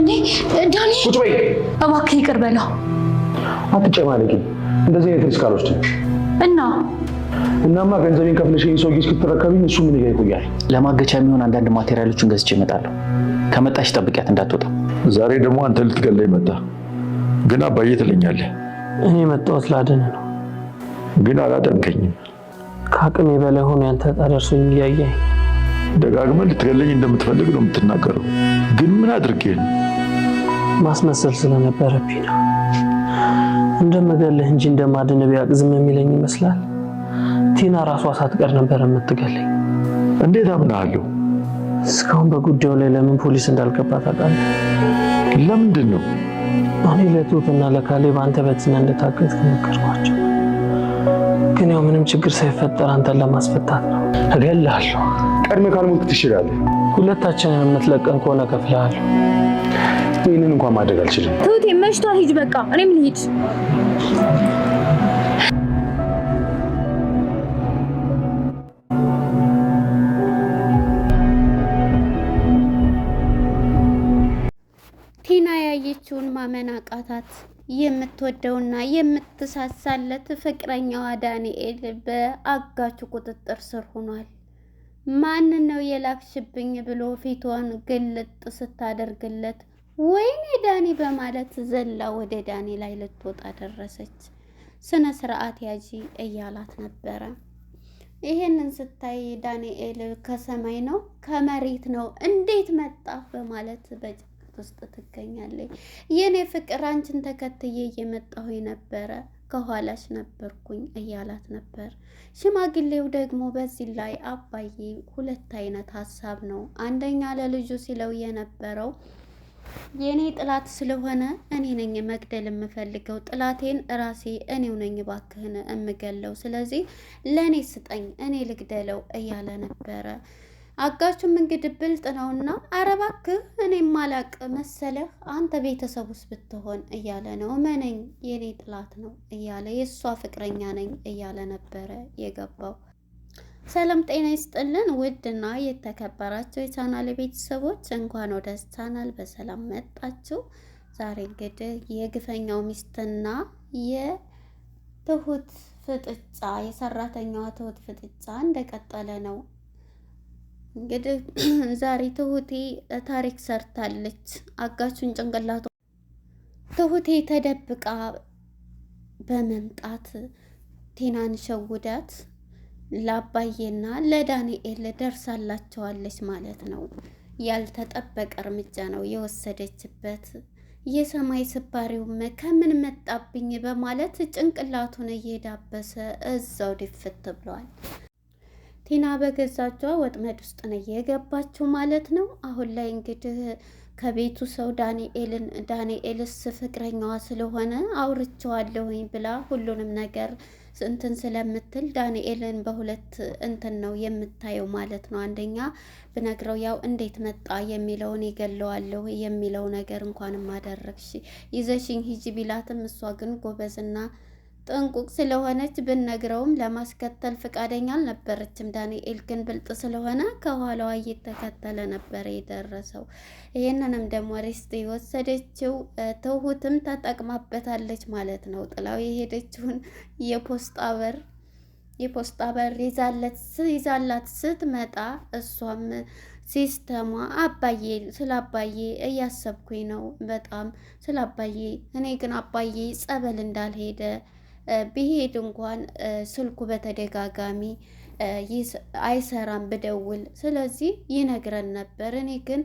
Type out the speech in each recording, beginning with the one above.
እንዴ ዳኒ፣ ቁጭ በይ እባክህ፣ ይቅር በለው። አትጨማለቂ፣ እንደዚህ አይነት ሪስክ አልወስድም። እና እናማ ገንዘቤን ከፍለሽ ሰውዬ እስክትረከብኝ እሱ ምን ይቆያል? ለማገቻ የሚሆን አንዳንድ ማቴሪያሎችን ገዝቼ እመጣለሁ። ከመጣሽ ጠብቂያት፣ እንዳትወጣ። ዛሬ ደግሞ አንተ ልትገለኝ መጣ። ግን አባዬ ትለኛለህ። እኔ መጣሁት ላድን ነው። ግን አላጠንከኝም። ከአቅሜ በላይ ሆኖ ያንተ ጠረርሱኝ እያየኝ ደጋግመን ልትገለኝ እንደምትፈልግ ነው የምትናገረው። ግን ምን አድርጌ ነው? ማስመሰል ስለነበረብኝ ነው። እንደምገልህ እንጂ እንደማድን ቢያውቅ ዝም የሚለኝ ይመስላል። ቲና ራሷ ሳትቀር ነበር የምትገለኝ። እንዴት አምናለሁ? እስካሁን በጉዳዩ ላይ ለምን ፖሊስ እንዳልገባ ታውቃለህ? ለምንድን ነው እኔ ለትሁትና ለካሌ አንተ በትነ እንደታገት ከመከርኳቸው፣ ግን ያው ምንም ችግር ሳይፈጠር አንተን ለማስፈታት ነው። እገልሃለሁ። ቀድሜ ካልሞት ትችላለህ። ሁለታችንን የምትለቀን ከሆነ እከፍልሃለሁ። ይህንን እንኳን ማድረግ አልችልም። ትሁቴ መሽቷል፣ ሂጅ በቃ። እኔም ልሂድ። ቲና ያየችውን ማመን አቃታት። የምትወደውና የምትሳሳለት ፍቅረኛዋ ዳንኤል በአጋቹ ቁጥጥር ስር ሆኗል። ማንን ነው የላክሽብኝ ብሎ ፊቷን ግልጥ ስታደርግለት ወይኔ ዳኒ በማለት ዘላ ወደ ዳኒ ላይ ልትወጣ ደረሰች። ስነ ስርዓት ያጂ እያላት ነበረ። ይሄንን ስታይ ዳንኤል ከሰማይ ነው ከመሬት ነው እንዴት መጣ በማለት በጭንቀት ውስጥ ትገኛለች። የኔ ፍቅር አንቺን ተከትዬ እየመጣሁኝ ነበረ ከኋላሽ ነበርኩኝ እያላት ነበር። ሽማግሌው ደግሞ በዚህ ላይ አባዬ ሁለት አይነት ሀሳብ ነው። አንደኛ ለልጁ ሲለው የነበረው የእኔ ጥላት ስለሆነ እኔ ነኝ መግደል የምፈልገው። ጥላቴን እራሴ እኔው ነኝ ባክህን እምገለው። ስለዚህ ለእኔ ስጠኝ፣ እኔ ልግደለው እያለ ነበረ። አጋቹም እንግዲህ ብልጥ ነውና ኧረ እባክህ እኔ ማላቅ መሰለህ አንተ ቤተሰብ ውስጥ ብትሆን እያለ ነው። መነኝ የእኔ ጥላት ነው እያለ የእሷ ፍቅረኛ ነኝ እያለ ነበረ የገባው ሰላም ጤና ይስጥልን። ውድና የተከበራችሁ የቻናል ቤተሰቦች እንኳን ወደ ቻናል በሰላም መጣችሁ። ዛሬ እንግዲህ የግፈኛው ሚስትና የትሁት ፍጥጫ የሰራተኛዋ ትሁት ፍጥጫ እንደቀጠለ ነው። እንግዲህ ዛሬ ትሁቴ ታሪክ ሰርታለች። አጋቹን ጭንቅላቱ ትሁቴ ተደብቃ በመምጣት ቴናን ሸውዳት ለአባዬና ለዳንኤል ደርሳላቸዋለች ማለት ነው። ያልተጠበቀ እርምጃ ነው የወሰደችበት። የሰማይ ስባሪውም ከምን መጣብኝ በማለት ጭንቅላቱን እየዳበሰ እዛው ድፍት ብሏል። ቲና በገዛ ወጥመድ ውስጥ ነው የገባችው ማለት ነው። አሁን ላይ እንግዲህ ከቤቱ ሰው ዳንኤልን ዳንኤልስ ፍቅረኛዋ ስለሆነ አውርቼዋለሁኝ ብላ ሁሉንም ነገር እንትን ስለምትል ዳንኤልን በሁለት እንትን ነው የምታየው ማለት ነው። አንደኛ ብነግረው ያው እንዴት መጣ የሚለውን ይገለዋለሁ የሚለው ነገር እንኳንም አደረግሽ ይዘሽኝ ሂጂ ቢላትም እሷ ግን ጎበዝና ጥንቁቅ ስለሆነች ብነግረውም ለማስከተል ፍቃደኛ አልነበረችም። ዳንኤል ግን ብልጥ ስለሆነ ከኋላዋ እየተከተለ ነበር የደረሰው። ይህንንም ደግሞ ሪስት የወሰደችው ትሁትም ተጠቅማበታለች ማለት ነው። ጥላው የሄደችውን የፖስጣ በር የፖስጣ በር ይዛላት ስትመጣ እሷም ሲስተሟ አባዬ ስለ አባዬ እያሰብኩኝ ነው በጣም ስለ አባዬ እኔ ግን አባዬ ጸበል እንዳልሄደ ብሄድ እንኳን ስልኩ በተደጋጋሚ አይሰራም ብደውል። ስለዚህ ይነግረን ነበር። እኔ ግን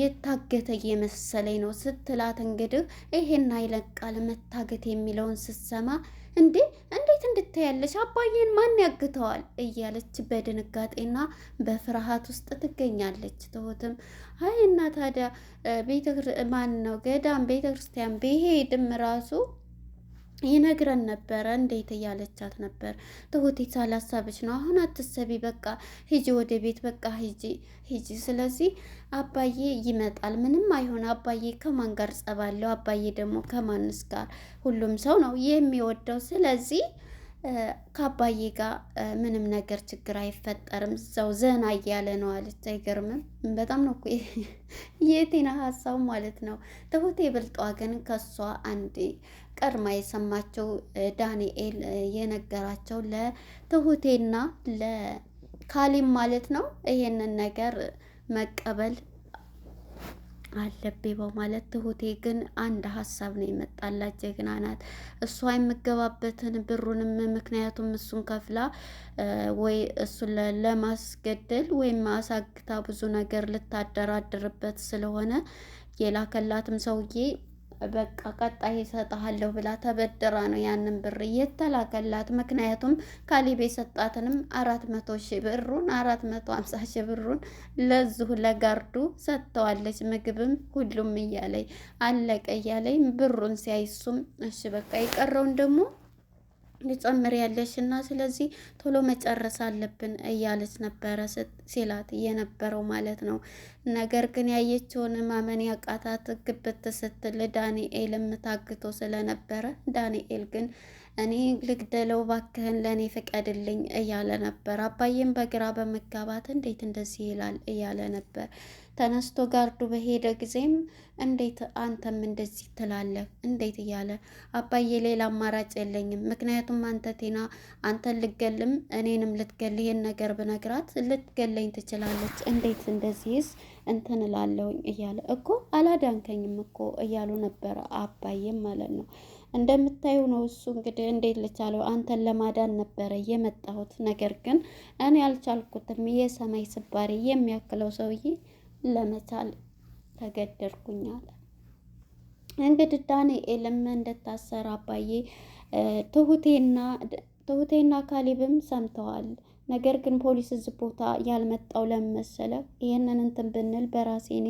የታገተ የመሰለኝ ነው ስትላት፣ እንግዲህ ይሄን አይለቃል መታገት የሚለውን ስትሰማ እንዴ እንዴት እንድታያለች አባዬን ማን ያግተዋል? እያለች በድንጋጤና በፍርሃት ውስጥ ትገኛለች። ትሁትም አይ እና ታዲያ ቤተ ማን ነው ገዳም ቤተ ክርስቲያን ብሄድም ራሱ ይነግረን ነበረ እንዴት እያለቻት ነበር። ትሁቴ ሳላሳብች ነው አሁን አትሰቢ፣ በቃ ሂጂ ወደ ቤት፣ በቃ ሂጂ ሂጂ። ስለዚህ አባዬ ይመጣል፣ ምንም አይሆን። አባዬ ከማን ጋር ጸባለው? አባዬ ደግሞ ከማንስ ጋር? ሁሉም ሰው ነው የሚወደው። ስለዚህ ከአባዬ ጋር ምንም ነገር ችግር አይፈጠርም፣ እዛው ዘና እያለ ነው አለች። አይገርምም? በጣም ነው እኮ የቴና ሀሳብ ማለት ነው። ትሁቴ ብልጧ ግን ከሷ አንድ ቀድማ የሰማቸው ዳንኤል የነገራቸው ለትሁቴና ለካሊም ማለት ነው ይሄንን ነገር መቀበል አለቤ በማለት ትሁቴ ግን አንድ ሀሳብ ነው የመጣላት። ጀግና ናት እሷ የምገባበትን ብሩንም ምክንያቱም እሱን ከፍላ ወይ እሱን ለማስገደል ወይም አሳግታ ብዙ ነገር ልታደራድርበት ስለሆነ የላከላትም ሰውዬ በቃ ቀጣይ እሰጥሃለሁ ብላ ተበድራ ነው ያንን ብር የተላከላት። ምክንያቱም ካሊብ የሰጣትንም አራት መቶ ሺህ ብሩን አራት መቶ ሀምሳ ሺህ ብሩን ለዚሁ ለጋርዱ ሰጥተዋለች። ምግብም ሁሉም እያለይ አለቀ እያለኝ ብሩን ሲያይሱም እሺ በቃ የቀረውን ደግሞ ሊጨምር ያለሽ እና ስለዚህ ቶሎ መጨረስ አለብን እያለች ነበረ ሲላት የነበረው ማለት ነው። ነገር ግን ያየችውን ማመን ያቃታት ግብት ስትል ዳንኤልም ታግቶ ስለነበረ ዳንኤል ግን እኔ ልግደለው ባክህን ለእኔ ፍቀድልኝ እያለ ነበር። አባዬም በግራ በመጋባት እንዴት እንደዚህ ይላል እያለ ነበር። ተነስቶ ጋርዱ በሄደ ጊዜም እንዴት አንተም እንደዚህ ትላለህ እንዴት እያለ አባዬ፣ ሌላ አማራጭ የለኝም። ምክንያቱም አንተ ቴና አንተን ልገልም እኔንም ልትገል ይህን ነገር ብነግራት ልትገለኝ ትችላለች። እንዴት እንደዚህስ እንትን እላለሁኝ እያለ እኮ አላዳንከኝም እኮ እያሉ ነበረ አባዬም ማለት ነው። እንደምታዩ ነው። እሱ እንግዲህ እንዴት ልቻለው? አንተን ለማዳን ነበረ የመጣሁት፣ ነገር ግን እኔ አልቻልኩትም። የሰማይ ስባሪ የሚያክለው ሰውዬ ለመቻል ተገደድኩኝ አለ። እንግዲህ ዳንኤልም እንደታሰረ አባዬ ትሁቴና ትሁቴና ካሊብም ሰምተዋል። ነገር ግን ፖሊስ እዚህ ቦታ ያልመጣው ለመሰለ ይህንን እንትን ብንል በራሴ እኔ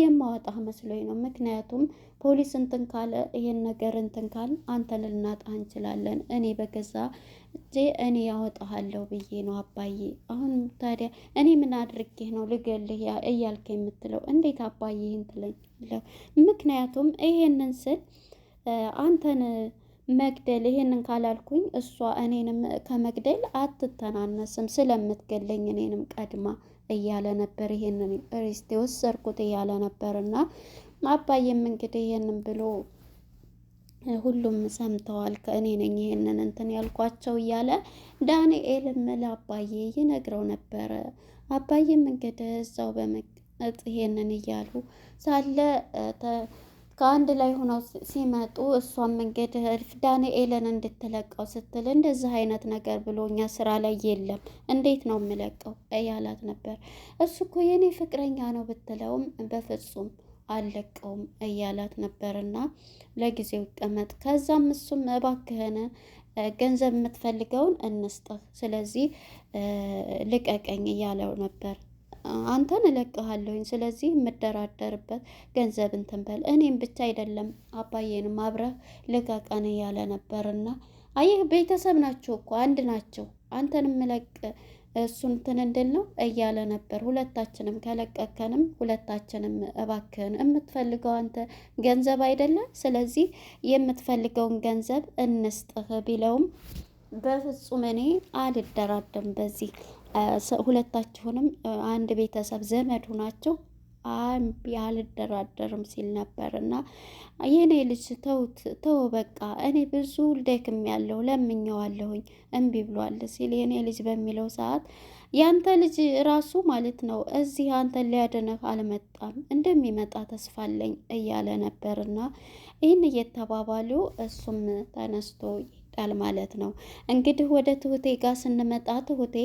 የማወጣ መስሎኝ ነው። ምክንያቱም ፖሊስ እንትን ካለ ይህን ነገር እንትን ካል አንተን ልናጣህ እንችላለን። እኔ በገዛ እጄ እኔ ያወጣሃለሁ ብዬ ነው አባዬ። አሁን ታዲያ እኔ ምን አድርጌህ ነው ልገልህ እያልከ የምትለው? እንዴት አባዬ ይህን ትለኝ? ምክንያቱም ይሄንን ስል አንተን መግደል ይሄንን ካላልኩኝ እሷ እኔንም ከመግደል አትተናነስም ስለምትገለኝ እኔንም ቀድማ እያለ ነበር። ይሄንን ሪስት የወሰድኩት እያለ ነበር እና አባዬም እንግዲህ ይሄንን ብሎ ሁሉም ሰምተዋል። ከእኔ ነኝ ይሄንን እንትን ያልኳቸው እያለ ዳንኤልም ለአባዬ ይነግረው ነበረ። አባዬም እንግዲህ እዛው በመቀመጥ ይሄንን እያሉ ሳለ ከአንድ ላይ ሆነው ሲመጡ እሷም እንግዲህ ዳንኤልን እንድትለቀው ስትል እንደዚህ አይነት ነገር ብሎ እኛ ስራ ላይ የለም እንዴት ነው የምለቀው እያላት ነበር። እሱ እኮ የእኔ ፍቅረኛ ነው ብትለውም በፍጹም አልለቀውም እያላት ነበርና ለጊዜው ይቀመጥ። ከዛም እሱም እባክህን ገንዘብ የምትፈልገውን እንስጥህ፣ ስለዚህ ልቀቀኝ እያለው ነበር። አንተን እለቅሃለሁኝ። ስለዚህ የምደራደርበት ገንዘብ እንትን በል እኔም ብቻ አይደለም አባዬንም አብረህ ልቀቀን እያለ ነበርና አየህ፣ ቤተሰብ ናቸው እኮ አንድ ናቸው። አንተን ምለቅ እሱን እንትን እንድል ነው እያለ ነበር። ሁለታችንም ከለቀከንም ሁለታችንም እባክህን የምትፈልገው አንተ ገንዘብ አይደለም፣ ስለዚህ የምትፈልገውን ገንዘብ እንስጥህ ቢለውም በፍጹም እኔ አልደራደም በዚህ ሁለታችሁንም አንድ ቤተሰብ ዘመዱ አንድ አልደራደርም ሲል ነበር። እና የእኔ ልጅ ተውት ተው በቃ እኔ ብዙ ደክም ያለው ለምኘዋለሁኝ እምቢ ብሏል ሲል የእኔ ልጅ በሚለው ሰዓት ያንተ ልጅ ራሱ ማለት ነው እዚህ አንተን ሊያድንህ አልመጣም እንደሚመጣ ተስፋለኝ እያለ ነበር እና ይህን እየተባባሉ እሱም ተነስቶ ይወዳል ማለት ነው። እንግዲህ ወደ ትሁቴ ጋር ስንመጣ ትሁቴ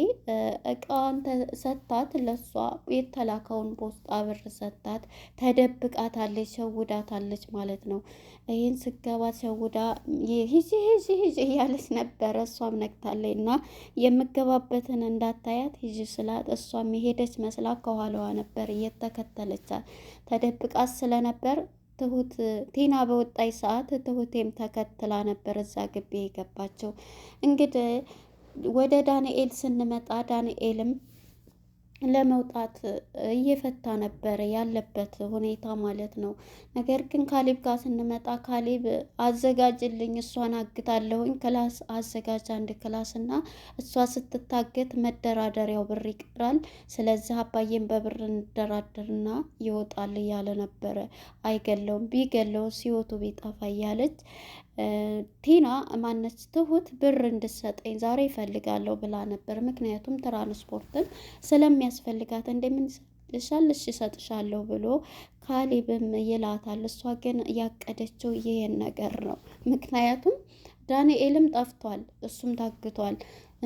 እቃዋን ሰጥታት ለሷ የተላከውን ፖስጣ ብር ሰጥታት ተደብቃታለች፣ ሸውዳታለች ማለት ነው። ይህን ስገባ ሸውዳ ሂጂ ሂጂ ሂጂ እያለች ነበረ። እሷም ነግታለች እና የምገባበትን እንዳታያት ሂጂ ስላት እሷም የሄደች መስላ ከኋላዋ ነበር እየተከተለቻት ተደብቃት ስለነበር ትሁት ቴና በወጣች ሰዓት ትሁቴም ተከትላ ነበር እዛ ግቢ የገባቸው። እንግዲህ ወደ ዳንኤል ስንመጣ ዳንኤልም ለመውጣት እየፈታ ነበረ ያለበት ሁኔታ ማለት ነው። ነገር ግን ካሌብ ጋር ስንመጣ ካሌብ አዘጋጅልኝ፣ እሷን አግታለሁኝ፣ ክላስ አዘጋጅ፣ አንድ ክላስ እና እሷ ስትታገት መደራደሪያው ብር ይቀራል፣ ስለዚህ አባዬን በብር እንደራደርና ይወጣል እያለ ነበረ። አይገለውም፣ ቢገለው ሲወቱ ቢጠፋ እያለች ቲና ማነች ትሁት ብር እንድሰጠኝ ዛሬ ይፈልጋለሁ ብላ ነበር። ምክንያቱም ትራንስፖርትን ስለሚያስፈልጋት እንደምንሰጥሻል እሺ ብሎ ካሊብም ይላታል። እሷ ግን ያቀደችው ይሄን ነገር ነው። ምክንያቱም ዳንኤልም ጠፍቷል፣ እሱም ታግቷል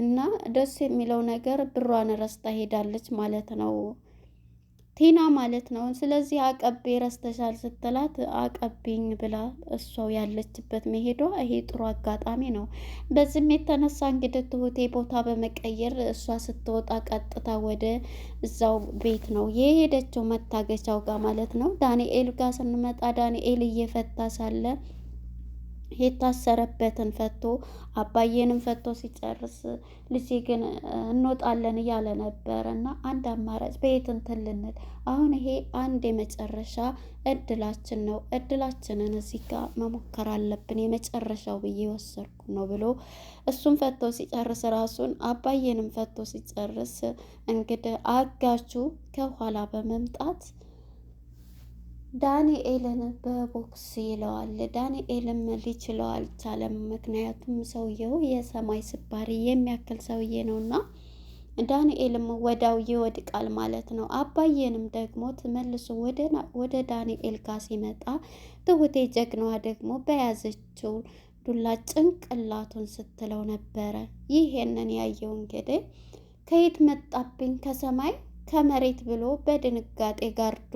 እና ደስ የሚለው ነገር ብሯን ረስታ ሄዳለች ማለት ነው። ቲና ማለት ነው። ስለዚህ አቀቤ ረስተሻል ስትላት አቀቤኝ ብላ እሷው ያለችበት መሄዷ ይሄ ጥሩ አጋጣሚ ነው። በዚህም የተነሳ እንግዲህ ትሁቴ ቦታ በመቀየር እሷ ስትወጣ ቀጥታ ወደ እዛው ቤት ነው የሄደችው መታገቻው ጋር ማለት ነው። ዳንኤል ጋር ስንመጣ ዳንኤል እየፈታ ሳለ የታሰረበትን ፈቶ አባዬንም ፈቶ ሲጨርስ ልጄ ግን እንወጣለን እያለ ነበር እና አንድ አማራጭ በየት እንትን ልንል አሁን ይሄ አንድ የመጨረሻ እድላችን ነው። እድላችንን እዚህ ጋር መሞከር አለብን የመጨረሻው ብዬ ወሰድኩ ነው ብሎ እሱም ፈቶ ሲጨርስ ራሱን አባዬንም ፈቶ ሲጨርስ እንግዲህ አጋቹ ከኋላ በመምጣት ዳንኤልን በቦክስ ይለዋል። ዳንኤልም ሊችለው አልቻለም። ምክንያቱም ሰውየው የሰማይ ስባሪ የሚያክል ሰውዬ ነውና ዳንኤልም ወዳው ይወድቃል ማለት ነው። አባዬንም ደግሞ ተመልሶ ወደ ዳንኤል ጋር ሲመጣ ትሁቴ ጀግናዋ ደግሞ በያዘችው ዱላ ጭንቅላቱን ስትለው ነበረ። ይሄንን ያየው እንግዲህ ከየት መጣብኝ ከሰማይ ከመሬት ብሎ በድንጋጤ ጋርዱ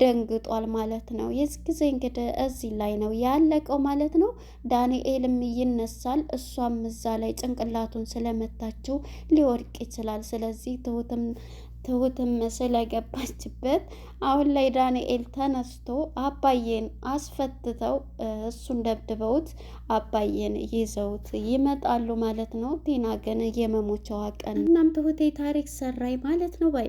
ደንግጧል ማለት ነው። የዚህ ጊዜ እንግዲህ እዚህ ላይ ነው ያለቀው ማለት ነው። ዳንኤልም ይነሳል፣ እሷም እዛ ላይ ጭንቅላቱን ስለመታችው ሊወድቅ ይችላል። ስለዚህ ትሁትም ትሁትም መሰል ያገባችበት አሁን ላይ ዳንኤል ተነስቶ አባዬን አስፈትተው እሱን ደብድበውት አባዬን ይዘውት ይመጣሉ ማለት ነው። ቲና ግን የመሞቻዋ ቀን እናም ትሁቴ ታሪክ ሰራይ ማለት ነው ባይ